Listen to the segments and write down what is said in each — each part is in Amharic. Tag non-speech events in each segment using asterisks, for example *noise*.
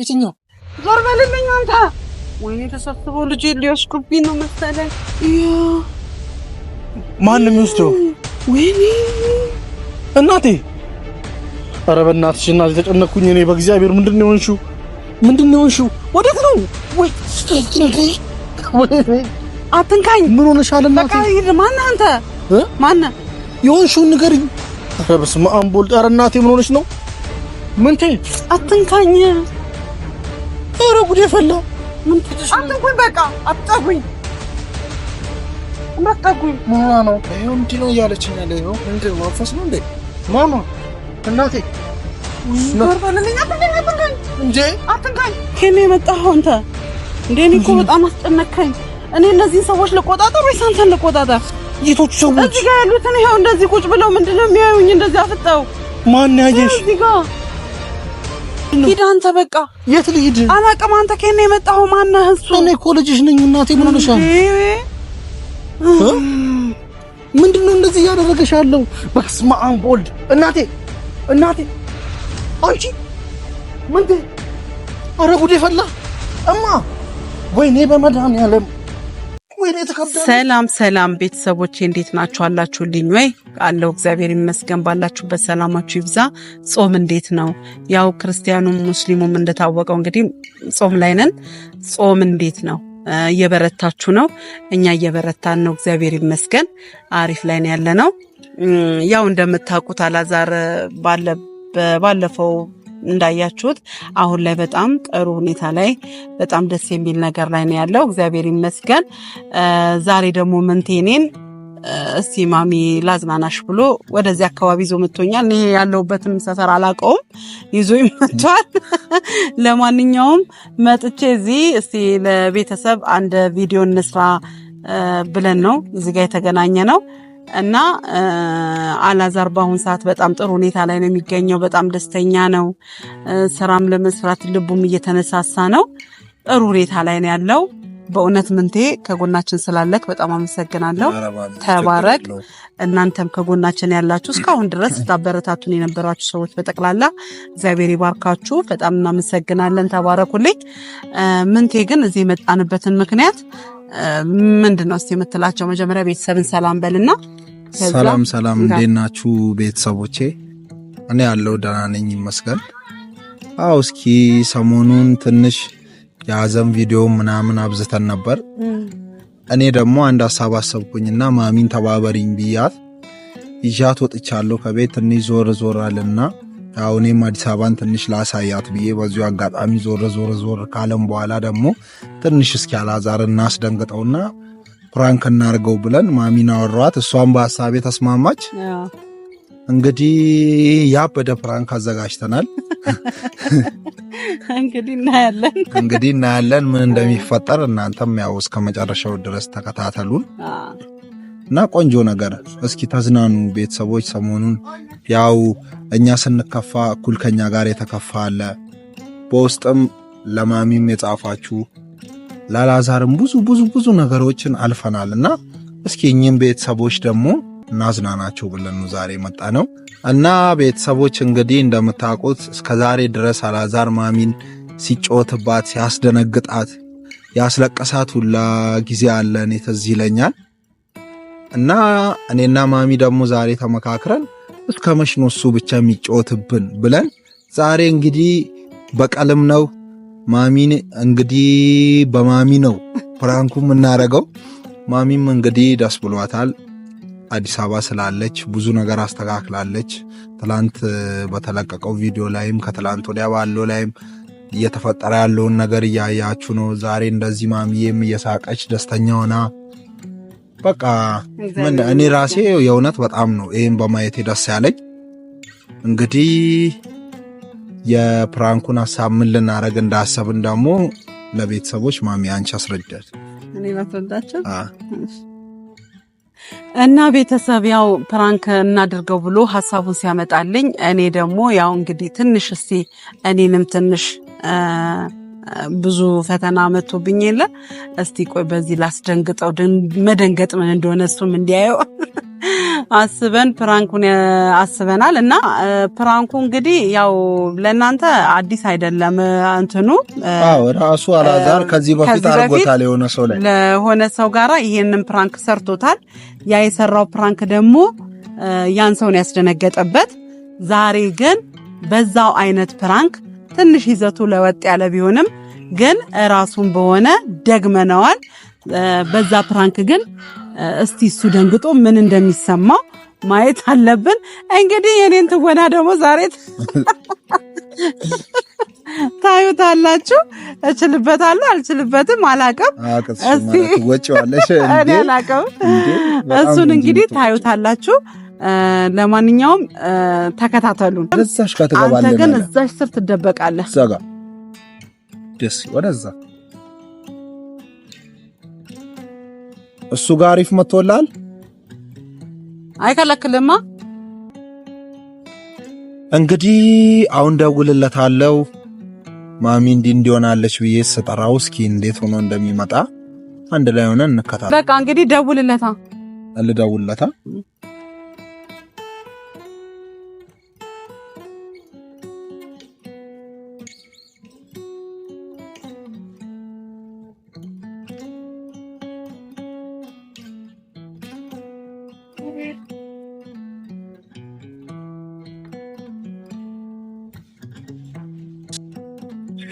የትኛው ዞር በልልኝ አንተ። ወይኔ ተሰብስበው ልጅ ሊያሽኩብኝ ነው መሰለኝ። ማን የሚወስደው ወይኔ እናቴ። ኧረ በእናትሽ እናቴ ተጨነኩኝ እኔ በእግዚአብሔር። ምንድን ነው የሆንሽው? ምንድን ነው የሆንሽው? ወዴት ነው? አትንካኝ። ምን ሆነሻል እናቴ? ማን አንተ? ማን የሆንሽውን ንገሪኝ። ኧረ በስመ አብ ወልድ። ኧረ እናቴ ምን ሆነሽ ነው? ምንቴ አትንካኝ ኧረ ጉድ ፈላ። ምን ትትሽ? አትንኩኝ፣ በቃ አትጠጉኝ፣ እንዳትጠጉኝ። ማማ ነው ይኸው፣ እንዲህ ነው እያለችኝ ያለ። ይኸው እንደ ማንፈስ ነው እንዴ? ማማ እናቴ እንዴ አትንካኝ። ከኔ የመጣኸው አንተ እንዴ? እኔ እኮ በጣም አስጨነካኝ። እኔ እነዚህን ሰዎች ልቆጣጠር ወይስ አንተን ልቆጣጠር? የቶቹ ሰዎች እዚህ ጋር ያሉትን? ይኸው እንደዚህ ቁጭ ብለው ምንድን ነው የሚያዩኝ? እንደዚህ አፍጠው ማን ያየሽ እዚህ ጋር ነው? ሂድ አንተ በቃ። የት ልሂድ? አላውቅም። አንተ ከእኔ ማነህ? እሱ እኔ እኮ ልጅሽ ነኝ እናቴ። ምን ሆነሻል? ምንድን ነው እንደዚህ እያደረገሽ ያለው? በስመ አብ ወልድ። እናቴ እናቴ፣ አንቺ ምንድን? ጉዴ ፈላ እማ። ወይኔ በመድኃኒዓለም ሰላም ሰላም ቤተሰቦቼ እንዴት ናችሁ? አላችሁልኝ ወይ? አለው እግዚአብሔር ይመስገን። ባላችሁበት ሰላማችሁ ይብዛ። ጾም እንዴት ነው? ያው ክርስቲያኑም ሙስሊሙም እንደታወቀው እንግዲህ ጾም ላይ ነን። ጾም እንዴት ነው? እየበረታችሁ ነው? እኛ እየበረታን ነው። እግዚአብሔር ይመስገን። አሪፍ ላይ ነው ያለ ነው። ያው እንደምታውቁት አላዛር ባለፈው እንዳያችሁት አሁን ላይ በጣም ጥሩ ሁኔታ ላይ በጣም ደስ የሚል ነገር ላይ ነው ያለው። እግዚአብሔር ይመስገን። ዛሬ ደግሞ መንቴኔን እስቲ ማሚ ላዝናናሽ ብሎ ወደዚህ አካባቢ ይዞ መጥቶኛል። ይሄ ያለሁበትንም ሰፈር አላውቀውም፣ ይዞ ይመቷል። *laughs* ለማንኛውም መጥቼ እዚህ እስቲ ለቤተሰብ አንድ ቪዲዮ እንስራ ብለን ነው እዚህ ጋር የተገናኘ ነው። እና አላዛር በአሁን ሰዓት በጣም ጥሩ ሁኔታ ላይ ነው የሚገኘው። በጣም ደስተኛ ነው። ስራም ለመስራት ልቡም እየተነሳሳ ነው። ጥሩ ሁኔታ ላይ ነው ያለው። በእውነት ምንቴ ከጎናችን ስላለክ በጣም አመሰግናለሁ። ተባረክ። እናንተም ከጎናችን ያላችሁ እስካሁን ድረስ ስታበረታቱን የነበራችሁ ሰዎች በጠቅላላ እግዚአብሔር ይባርካችሁ። በጣም እናመሰግናለን። ተባረኩልኝ። ምንቴ ግን እዚህ የመጣንበትን ምክንያት ምንድን ነው እስቲ የምትላቸው? መጀመሪያ ቤተሰብን ሰላም በልና። ሰላም ሰላም፣ እንዴት ናችሁ ቤተሰቦቼ? እኔ ያለው ደህና ነኝ ይመስገን። አው እስኪ ሰሞኑን ትንሽ የሀዘን ቪዲዮ ምናምን አብዝተን ነበር። እኔ ደግሞ አንድ ሀሳብ አሰብኩኝና ማሚን ተባበሪኝ ብያት ይዣት ወጥቻለሁ። ከቤት ትንሽ ዞር ዞር ያው እኔም አዲስ አበባን ትንሽ ላሳያት ብዬ በዚሁ አጋጣሚ ዞር ዞር ዞር ካለም በኋላ ደግሞ ትንሽ እስኪ አላዛር እናስደንግጠውና ፕራንክ እናርገው ብለን ማሚን አወራኋት። እሷን በሀሳቤ ተስማማች። እንግዲህ ያበደ ፕራንክ አዘጋጅተናል። *laughs* እንግዲህ እናያለን እንግዲህ እናያለን ምን እንደሚፈጠር። እናንተም ያው እስከ መጨረሻው ድረስ ተከታተሉን። እና ቆንጆ ነገር እስኪ ተዝናኑ ቤተሰቦች። ሰሞኑን ያው እኛ ስንከፋ እኩል ከኛ ጋር የተከፋ አለ። በውስጥም ለማሚም የጻፋችሁ ላላዛርም ብዙ ብዙ ብዙ ነገሮችን አልፈናል እና እስኪ እኚህም ቤተሰቦች ደግሞ እናዝናናቸው ብለን ዛሬ መጣ ነው እና ቤተሰቦች እንግዲህ እንደምታውቁት እስከ ዛሬ ድረስ አላዛር ማሚን ሲጮትባት ሲያስደነግጣት ያስለቀሳት ሁላ ጊዜ አለን። የተዚህ ይለኛል እና እኔና ማሚ ደግሞ ዛሬ ተመካክረን እስከ መች ነው እሱ ብቻ የሚጫወትብን ብለን ዛሬ እንግዲህ በቀልም ነው ማሚን እንግዲህ በማሚ ነው ፕራንኩ የምናደርገው። ማሚም እንግዲህ ደስ ብሏታል። አዲስ አበባ ስላለች ብዙ ነገር አስተካክላለች። ትላንት በተለቀቀው ቪዲዮ ላይም ከትላንት ወዲያ ባለው ላይም እየተፈጠረ ያለውን ነገር እያያችሁ ነው። ዛሬ እንደዚህ ማሚዬም እየሳቀች ደስተኛ ሆና በቃ ምን እኔ ራሴ የእውነት በጣም ነው ይህም በማየት ደስ ያለኝ። እንግዲህ የፕራንኩን ሀሳብ ምን ልናደርግ እንዳሰብን ደግሞ ለቤተሰቦች ማሚ አንቺ አስረዳት። እኔ ላስረዳቸው እና ቤተሰብ ያው ፕራንክ እናድርገው ብሎ ሀሳቡን ሲያመጣልኝ እኔ ደግሞ ያው እንግዲህ ትንሽ እስቲ እኔንም ትንሽ ብዙ ፈተና መጥቶብኝ የለ እስቲ ቆይ በዚህ ላስደንግጠው፣ መደንገጥ ምን እንደሆነ እሱም እንዲያየው *laughs* አስበን ፕራንኩን አስበናል። እና ፕራንኩ እንግዲህ ያው ለእናንተ አዲስ አይደለም እንትኑ ራሱ አላዛር ከዚህ በፊት አርጎታል የሆነ ሰው ላይ ለሆነ ሰው ጋራ ይሄንን ፕራንክ ሰርቶታል። ያ የሰራው ፕራንክ ደግሞ ያን ሰውን ያስደነገጠበት ዛሬ ግን በዛው አይነት ፕራንክ ትንሽ ይዘቱ ለወጥ ያለ ቢሆንም ግን ራሱን በሆነ ደግመነዋል። በዛ ፕራንክ ግን እስቲ እሱ ደንግጦ ምን እንደሚሰማው ማየት አለብን። እንግዲህ የኔን ትወና ደግሞ ዛሬ ታዩታላችሁ። እችልበታለሁ አልችልበትም አላቅም። እስቲ እሱን እንግዲህ ታዩታላችሁ። ለማንኛውም ተከታተሉን። እዛሽ ጋር ትገባለህ፣ ግን እዛሽ ስር ትደበቃለህ። እዛ ጋር ደስ ወደዛ እሱ ጋር አሪፍ መቶላል። አይከለክልማ። እንግዲህ አሁን ደውልለታለሁ። ማሚ እንዲህ እንዲሆናለች ብዬ ስጠራው እስኪ እንዴት ሆኖ እንደሚመጣ አንድ ላይ ሆነን እንከታተል። በቃ እንግዲህ ደውልለታ፣ ልደውልለታ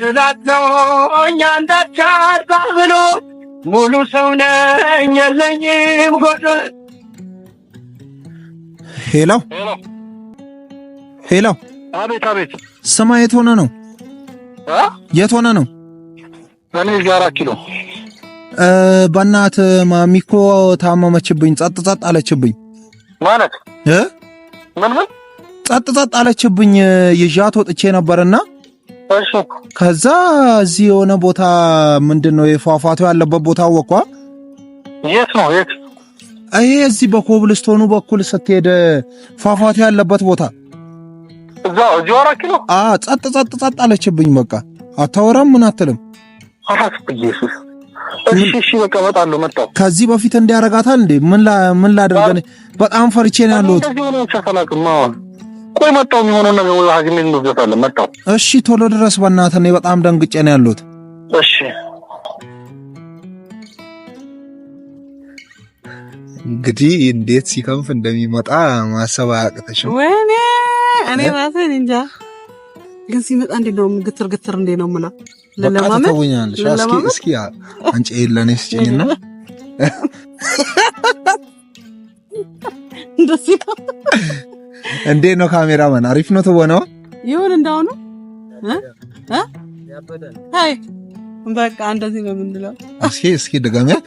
እላለሁ አንዳች ብሎ ሙሉ ሰው ነኝ የለኝም ሄሎ ሄሎ። አቤት አቤት። ስማ፣ የት ሆነ ነው? የት ሆነ ነው? እኔ አራት ኪሎ። በእናትህ ማሚኮ ታመመችብኝ። ጸጥ ጸጥ አለችብኝ። ማለት እ ምን ምን ጸጥ ጸጥ አለችብኝ። ይዣት ወጥቼ ነበርና ከዛ እዚህ የሆነ ቦታ ምንድን ነው የፏፏቴው ያለበት ቦታ አወኳ። የት ነው የት? ይሄ እዚህ በኮብልስቶኑ በኩል ስትሄድ ፏፏቴው ያለበት ቦታ እዛ እዚህ አራት ኪሎ ጸጥ ጸጥ ጸጥ አለችብኝ። በቃ አታወራም ምን አትልም። ከዚህ በፊት እንዲያረጋታል እንዴ? ምን ላድርገን? በጣም ፈርቼ ነው ያለሁት። ቆይ መጣው የሚሆነው ነው ሐኪም ቤት እንወስደታለን። መጣው። እሺ ቶሎ ድረስ በእናትህ እኔ በጣም ደንግጬ ነው ያሉት። እሺ እንግዲህ እንዴት ሲከንፍ እንደሚመጣ ማሰብ አያቅተሽም። ወይኔ እኔ ራሴ እንጃ፣ ግን ሲመጣ እንዴት ነው ግትር ግትር እንዴት ነው ምላ ለለማመን ተውኛለሽ። እስኪ እስኪ አንቺ ለኔ ስጭኝና እንደዚህ እንዴት ነው ካሜራማን? አሪፍ ነው ትወነው? ይሁን እንዳሁኑ አይ በቃ እንደዚህ ነው የምንለው። እስኪ እስኪ ድገሚያት።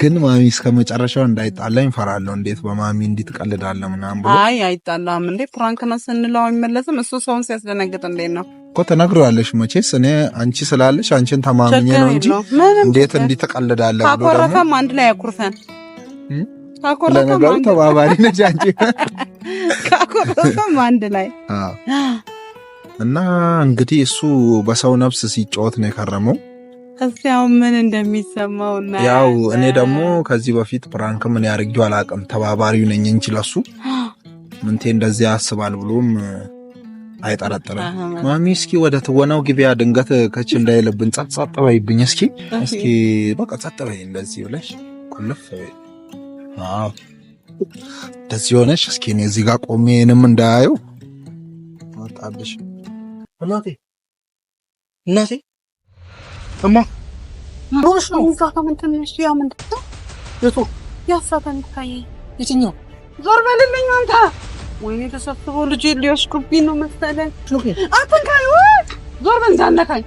ግን ማሚ እስከ መጨረሻው እንዳይጣላኝ ፈራለሁ። እንዴት በማሚ እንዲትቀልዳለ ምናምን ብሎ አይ አይጣላም እንዴ ፕራንክ ነው ስንለው አይመለስም። እሱ ሰውን ሲያስደነግጥ እንዴት ነው እኮ ተነግሯለሽ። መቼስ እኔ አንቺ ስላለሽ አንቺን ተማምኜ ነው እንጂ እንዴት እንዲትቀልዳለ ብሎ ደግሞ ካኮረፈም አንድ ላይ ያኩርፈን ለነገሩ ተባባሪ ነች አንቺ። *laughs* ካኮረፈም አንድ ላይ እና እንግዲህ እሱ በሰው ነፍስ ሲጫወት ነው የከረመው። እስቲ ምን እንደሚሰማው እና ያው እኔ ደግሞ ከዚህ በፊት ፕራንክ ምን ያርጊው አላውቅም፣ ተባባሪው ነኝ እንጂ ለሱ *gasps* ምንቴ እንደዚህ ያስባል ብሎም አይጠረጥርም። ማሚ እስኪ ወደ ትወናው ግቢያ ድንገት ከች እንዳይልብን ጸጥ ጸጥ በይብኝ እስኪ እስኪ በቃ ጸጥ በይ እንደዚህ ብለሽ ቁልፍ እንደዚህ ሆነሽ እስኪ እኔ እዚህ ጋር ቆሜ እኔንም እንዳያዩ መጣብሽ። እናቴ እናቴ እማ ሮሽ ነው እዛ ጋር ምን ከምንትንሽ ያ ምንድን ነው የቱ ያሳተን ታይ የትኛው ዞር በልልኝ አንተ። ወይኔ ተሰብስበው ልጅ ሊያሽኩብኝ ነው መሰለኝ። አትንካኝ፣ ዞር በል እንዳነካኝ፣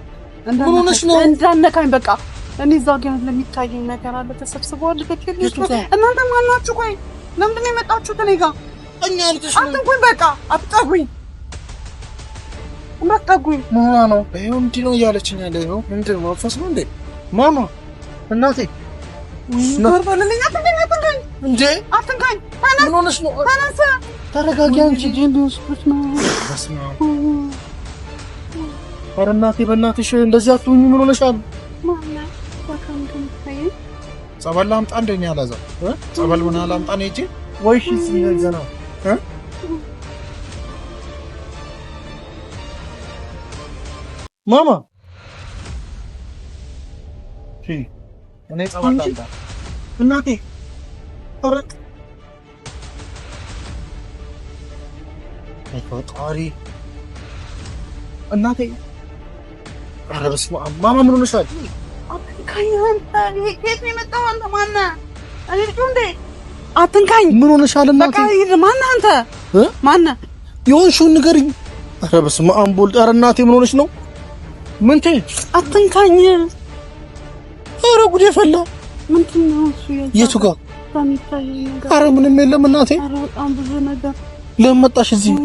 እንዳነካኝ በቃ እኔ እዛ ጋር ለሚታየኝ ነገር አለ ተሰብስበዋል። እናንተ ማናችሁ? ቆይ ለምንድን ነው የመጣችሁት? እኔ ጋር አትንኩኝ፣ በቃ አትጠጉኝ፣ እንዳትጠጉኝ። ማማ ነው ይኸው እንዲህ ነው እያለችኝ ያለ ነው። ምንድን ነው መንፈስ ነው እንዴ? ማማ እናቴ ተረጋጊ አንቺ ሊወስዱት ነው። ኧረ እናቴ በእናትሽ እንደዚህ አትሁኝ። ምን ሆነሻል? ጸበል ላምጣ እንደኛ ያላዛ ጸበል ምና ላምጣ ነው እጂ ወይ እሺ ሲነዘና ማማ ሺ እኔ ጸበል ላምጣ እናቴ ፈረቅ ፈጣሪ እናቴ ኧረ በስመ አብ ማማ ምን ሆነሻል? ከየት የመጣው አንተ ማነህ? እኔ አትንካኝ። ምን ሆነሻል እናቴ? ማነህ አንተ? ማነህ? የሆንሽውን ንገሪኝ። ኧረ በስመ አብ ወልድ። ኧረ እናቴ ምን ሆነሽ ነው? ምንቴ አትንካኝ። ኧረ ጉድ የፈላ ምንድን ነው የቱ ጋር? ኧረ ምንም የለም እናቴ። ለምን መጣሽ እዚህ?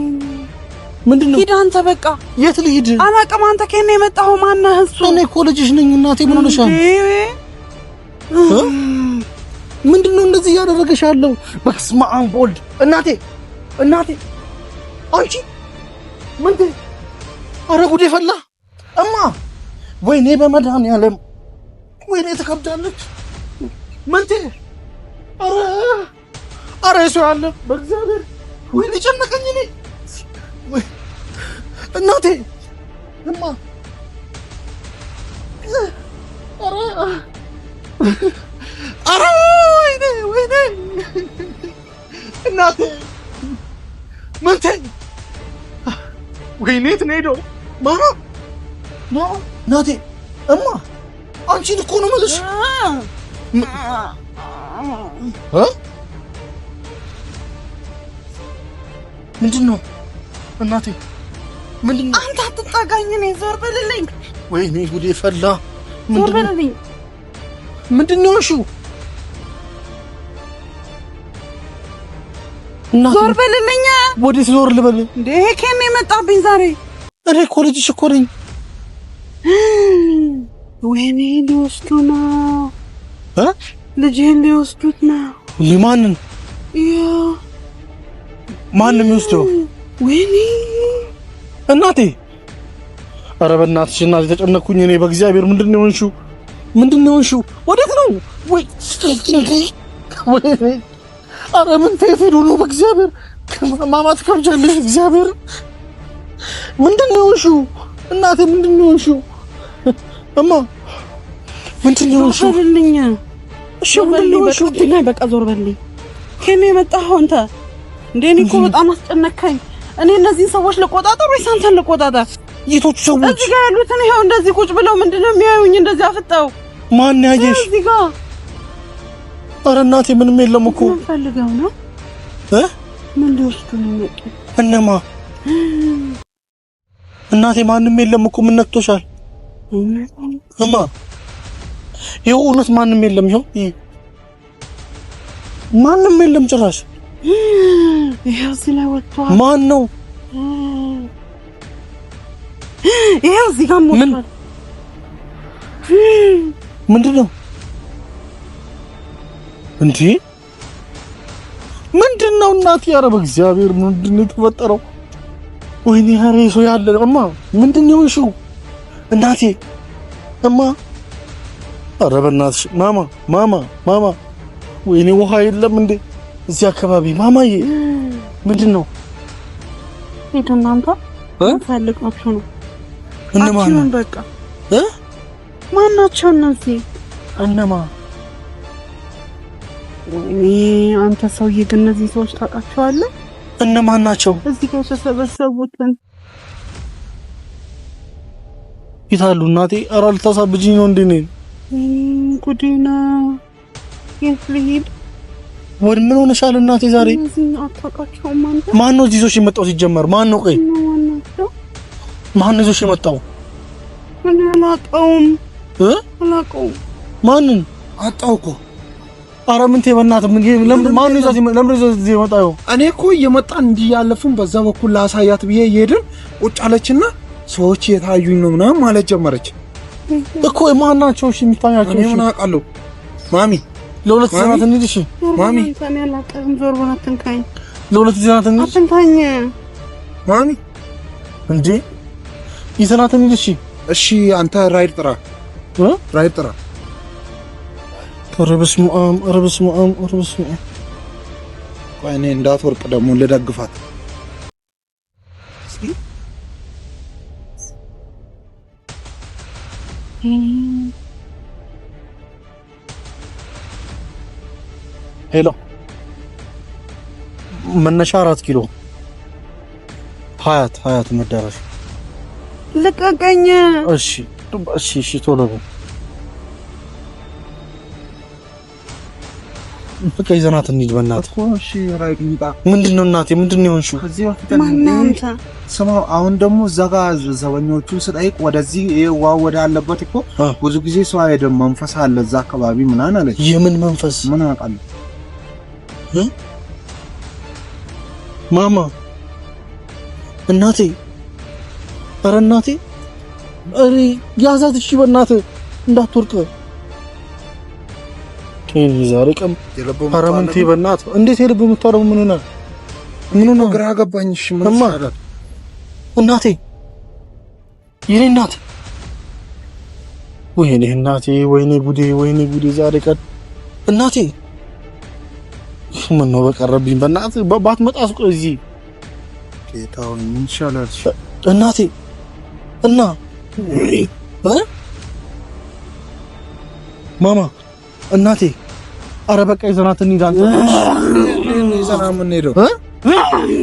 ምንድን ነው? ሂድ አንተ በቃ። የት ልሂድ? አላውቅም። አንተ ከእኔ የመጣኸው ማነህ? እሱ እኔ እኮ ልጅሽ ነኝ እናቴ። ምን ሆነሻል? ምንድን ነው እንደዚህ እያደረገሽ ያለው? በስመ አብ ወልድ። እናቴ እናቴ፣ አንቺ ምንድን? ኧረ ጉዴ ፈላ። እማ፣ ወይኔ በመድኃኒዓለም፣ ወይኔ ተከብዳለች። ምንድን? ኧረ ኧረ፣ እሱ ያለ በእግዚአብሔር፣ ወይኔ ጨነቀኝ እኔ እናቴ እማ ኧረ ወይኔ ወይኔ እናቴ መንቴ ወይኔ የት ነው እናቴ እማ አንቺን እኮ ነው የምልሽ ምንድን ነው እናቴ አንተ አትጣጋኝ፣ እኔ ዞር በልልኝ። ወይኔ ጉዴ ፈላ። ዞር በልልኝ። ምንድን ነው እሺ? ዞር በልልኝ። ወዴት ዞር ልበል እንዴ? ከኔ የመጣብኝ ዛሬ። እኔ እኮ ልጅሽ እኮ ነኝ። ወይኔ ሊወስዱ ነው፣ ልጅህን ሊወስዱት ነው። ማንን? ማን ነው የሚወስደው? ወይኔ እናቴ ኧረ በእናትሽ እናቴ ተጨነኩኝ እኔ በእግዚአብሔር ምንድን ነው የሆንሽው ምንድን ነው የሆንሽው ወዴት ነው ወይ ኧረ ምን ፌፌድ ነው በእግዚአብሔር ማማት ከብጃለሽ እግዚአብሔር ምንድን ነው የሆንሽው እናቴ ምንድን ነው የሆንሽው እማ ምንድን ነው የሆንሽው እሺ ምንድን ነው የሆንሽው በቃ ዞር በልኝ ከኔ የመጣኸው አንተ እንደ እኔ እኮ በጣም አስጨነካኝ እኔ እነዚህን ሰዎች ልቆጣጠር ወይስ አንተን ልቆጣጠር? የቶቹ ሰዎች እዚህ ጋር ያሉትን ይኸው እንደዚህ ቁጭ ብለው ምንድነው የሚያዩኝ? እንደዚህ አፍጠው ማን ያየሽ? እዚህ ጋር ኧረ እናቴ ምንም የለም እኮ ፈልገው ነው እ ምን ሊወስዱ ነው የመጡት? እነማ እናቴ ማንም የለም እኮ ምን ነክቶሻል? እማ ይኸው እውነት ማንም የለም ይኸው ማንም የለም ጭራሽ *gasps* ይሄው እዚህ ላይ ወጥቷል። ማን ነው? *gasps* ይሄው እዚህ ጋር ወጥቷል። ምንድን *gasps* ነው እንዴ? ምንድን ነው እናቴ? ኧረ በእግዚአብሔር ምንድን ነው የተፈጠረው? ወይኔ ኧረ ሰው ያለ እማ፣ ምንድን ነው እሺ? እናቴ እማ፣ ኧረ በእናትሽ ማማ፣ ማማ፣ ማማ፣ ወይኔ ውሃ የለም እንዴ? እዚህ አካባቢ ማማዬ፣ ምንድን ነው ሄዱ? እናንተ ፈልጋችሁ ነው? እነማን ነው? በቃ እ ማን ናቸው እነዚህ? እነማ አንተ ሰውዬ፣ ግን እነዚህ ሰዎች ታውቃቸዋለህ? እነማን ናቸው? እዚህ ጋር የተሰበሰቡትን ይታሉ። እናቴ፣ ኧረ ልታሳብጂኝ ነው እንዴ? እኔን ጉዴ ነው። የት ልሂድ ወድ ምን ሆነሻል እናቴ? ዛሬ ማን ነው ይዞሽ የመጣው? ሲጀመር ማን ነው ቆይ ማን ነው ይዞሽ የመጣው? አላውቀውም እ አላውቀውም ማንን አጣው እኮ ኧረ ምን በእናት ምን ለምን ማን ነው ይዛት ለምን ነው ይዛት የመጣው? እኔ እኮ እየመጣን እንዲያለፉን በዛ በኩል ላሳያት ብዬ እየሄድን ቁጭ አለችና ሰዎች የታዩኝ ነው ምናምን ማለት ጀመረች እኮ ማናቸው? እሺ የሚታያቸው እኔ ምን አውቃለሁ ማሚ ለሁለት ዘናት እንሂድ። እሺ ማሚ ለሁለት ዘናት እንሂድ። አትንካኝ ማሚ እንዴ ይዘናት እንሂድ። እሺ እሺ አንተ ራይድ ጥራ ራይድ ጥራ ኧረ በስመ አብ ኧረ በስመ አብ ኧረ በስመ አብ። ቆይ እኔ እንዳትወርቅ ደግሞ ልደግፋት እስኪ ሄሎ፣ መነሻ አራት ኪሎ ሀያት ሀያት መዳረሻ። ልቀቀኝ። እሺ፣ እሺ፣ እሺ፣ ቶሎ በል በቃ ይዘናት እንሂድ። በእናትህ ምንድን ነው እናቴ፣ ምንድን ነው የሆንሽው? ስማ አሁን ደግሞ እዛ ጋር ዘበኞቹን ስጠይቅ ወደዚህ ዋ ወደ አለበት እኮ ብዙ ጊዜ ሰው አይደለም መንፈስ አለ እዛ አካባቢ ምናምን አለች። የምን መንፈስ ምን አውቃለሁ ማማ እናቴ፣ ኧረ እናቴ፣ ኧረ ያዛት እሺ፣ በእናትህ እንዳትወርቅ። ይህ ዛሬ ቀን አረምንቴ፣ በእናትህ እንዴት የልብ ምቷ ደግሞ ምን ሆነ? ምን ሆነ? ግራ ገባኝ። እሺ እማ፣ እናቴ፣ የኔ እናት፣ ወይኔ እናቴ፣ ወይኔ ጉዴ፣ ወይኔ ጉዴ፣ ዛሬ ቀን እናቴ ምን ነው በቀረብኝ፣ በእናትህ ባትመጣ ቆይ እዚህ ጌታው ምን ይሻላል? እናቴ እና ማማ እናቴ፣ አረ በቃ ይዘናት እንሂድ። አንተ ይዘና ምን ሄደው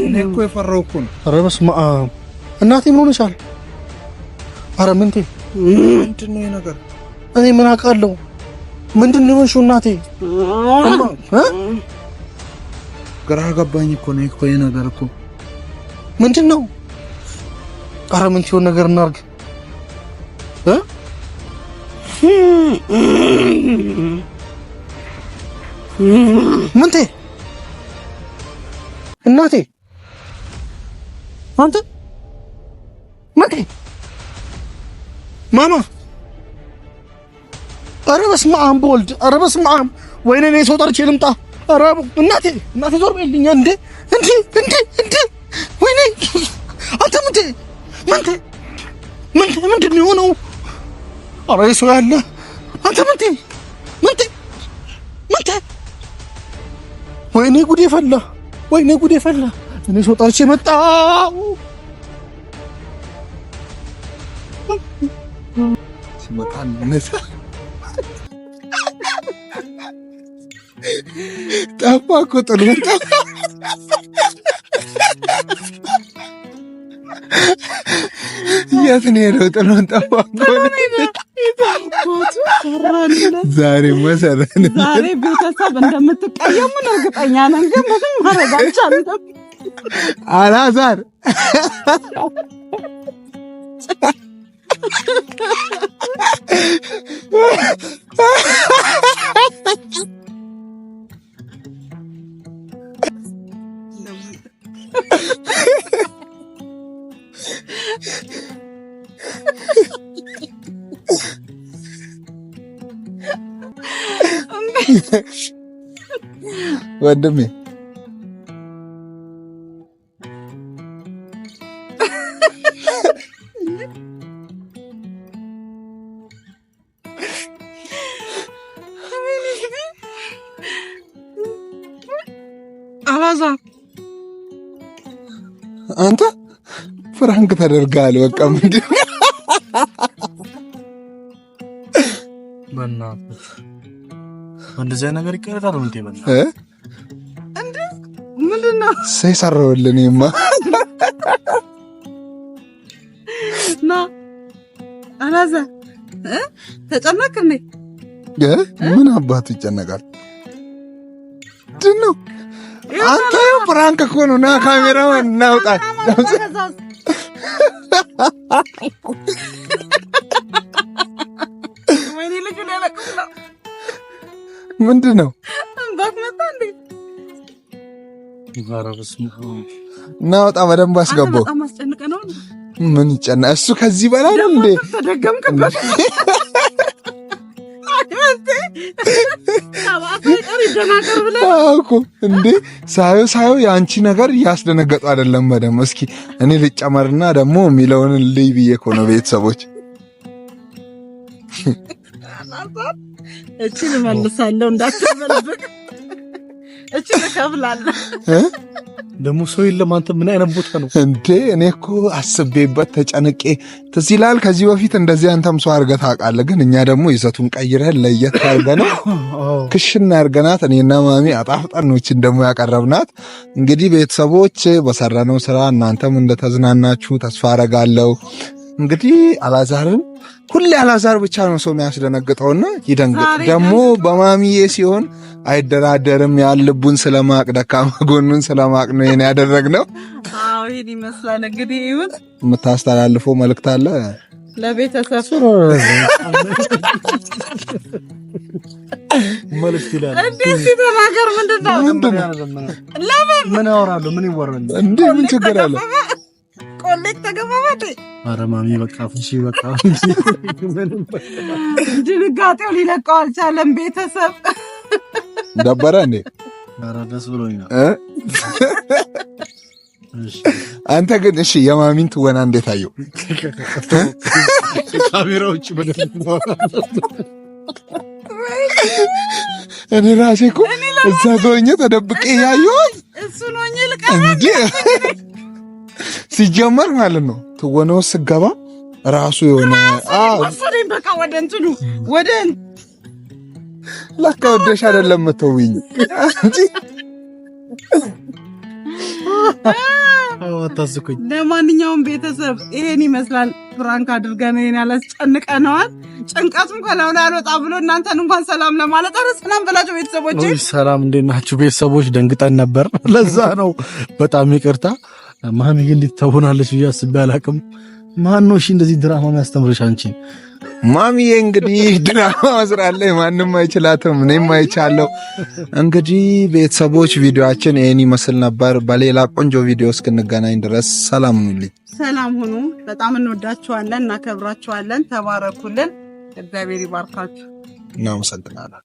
እኔ እኮ የፈራው እኮ ነው። አረ በስመ አብ እናቴ፣ ምን ሆነሻል? አረ ምንቴ፣ ምንድን ነው ነገር? እኔ ምን አውቃለሁ? ምንድን ነው የሆንሽው እናቴ? ግራ ገባኝ እኮ ነው እኮ ነገር እኮ ምንድን ነው? ምን ሲሆን ነገር እናርግ እ ምንቴ እናቴ አንተ ምንቴ ማማ ኧረ በስመ አብ በወልድ ኧረ በስመ አብ ወይኔ እኔ ሰው ጠርቼ ልምጣ አራቡ እናቴ እናቴ ዞር በልኛ። እንዴ እንዴ እንዴ እንዴ ወይኔ አንተ ምንቴ ምንቴ ምንቴ ምንድን ነው የሆነው? ኧረ ሰው ያለ አንተ ምንቴ ምንቴ ምንቴ ወይኔ ጉዴ ፈላ። ወይኔ ጉዴ ፈላ። እኔ ሰው ጠርቼ መጣሁ። ሲመጣ ጠፋ እኮ ጥሉ በጣም የት ነው የሄደው? ጥሎን ጠፋ። ዛሬ መሰረን ዛሬ ቤተሰብ እንደምትቀየሙን እርግጠኛ ነን፣ ግን ምንም ማድረግ አልቻለም። አላዛር ወንድሜ አላዛር አንተ ፍራንክ ተደርጋል። በቃ ምንድን እንደዚህ ነገር ይቀርታል። ምን ይበል እንዴ? ምንድነው ሳይሰራውልን ይማ ና አላዛ ተጨነቅን። ምን አባት ይጨነቃል? ድን ነው አንተ ፕራንክ እኮ ነው። ና ካሜራው እናውጣ። ምንድን ነው እናውጣ? በደንብ አስገባው። ምን ይጨና እሱ ከዚህ በላይ ነው እንዴ? እንዴ ሳዩ ሳዩ የአንቺ ነገር እያስደነገጡ አይደለም። በደም እስኪ እኔ ልጨመርና ደግሞ የሚለውን ልይ ብዬ እኮ ነው ቤተሰቦች እቺን እመልሳለሁ እንዳትመለብቅ እቺን እከፍላለሁ ደግሞ ሰው የለም። አንተ ምን አይነት ቦታ ነው እንዴ? እኔ እኮ አስቤበት ተጨንቄ ትዝ ይላል። ከዚህ በፊት እንደዚህ አንተም ሰው አድርገህ ታውቃለህ፣ ግን እኛ ደግሞ ይዘቱን ቀይረን ለየት ነው *laughs* ክሽና አድርገናት እኔና ማሚ አጣፍጠን ነው ደግሞ ያቀረብናት። እንግዲህ ቤተሰቦች በሰራነው ስራ እናንተም እንደተዝናናችሁ ተስፋ አደርጋለሁ። እንግዲህ አላዛርን ሁሌ አላዛር ብቻ ነው ሰው የሚያስደነግጠውና ይደንግጥ ደግሞ በማሚዬ ሲሆን አይደራደርም። ያልቡን ስለማቅ ደካማ ጎኑን ስለማቅ ነው ይሄን ያደረግነው። ይህን ይመስላል እንግዲህ። ይሁን የምታስተላልፈው መልእክት አለ ለቤተሰብ መልእክት ይላል እንዴት ተናገር። ምንድን ነው ምን አወራለሁ? ምን ይወራል? እንዴ ምን ችግር አለ? ቤት ተገባባት። ማለት ማሚ በቃ ፍሺ በቃ ድንጋጤው ሊለቀው አልቻለም። ቤተሰብ ደበረ እንዴ? ኧረ ደስ ብሎኝ ነው። አንተ ግን እሺ፣ የማሚን ትወና እንዴት አየው? ካሜራዎች እኔ ራሴ እኮ እዛ ጎኘ ተደብቄ ያየሁት እሱ ልቀራ ሲጀመር ማለት ነው ትወነው ስገባ ራሱ የሆነ በቃ ወደ እንትኑ ወደ ለካ ወደሽ አይደለም ተውኝ ታስኩኝ። ለማንኛውም ቤተሰብ ይሄን ይመስላል። ፍራንክ አድርገን ይሄን ያላስጨንቀነዋል። ጭንቀቱ እንኳን ለሆነ ያልወጣ ብሎ እናንተን እንኳን ሰላም ለማለት ኧረ ሰላም በላቸው ቤተሰቦች። ሰላም እንዴት ናችሁ ቤተሰቦች? ደንግጠን ነበር። ለዛ ነው በጣም ይቅርታ። ማን ግን እንዴት ተሆናለች ብዬ አስቤ አላቅም። ማን ነው እሺ እንደዚህ ድራማ የሚያስተምርሽ አንቺ? ማሚዬ እንግዲህ ድራማ መስራለች፣ ማንም አይችላትም፣ እኔም አይቻለሁ። እንግዲህ ቤተሰቦች ቪዲዮአችን ይህን ይመስል ነበር። በሌላ ቆንጆ ቪዲዮ እስክንገናኝ ድረስ ሰላም ሁኑልኝ። ሰላም ሁኑ። በጣም እንወዳችኋለን፣ እናከብራችኋለን። ተባረኩልን። እግዚአብሔር ይባርካችሁ። እናመሰግናለን።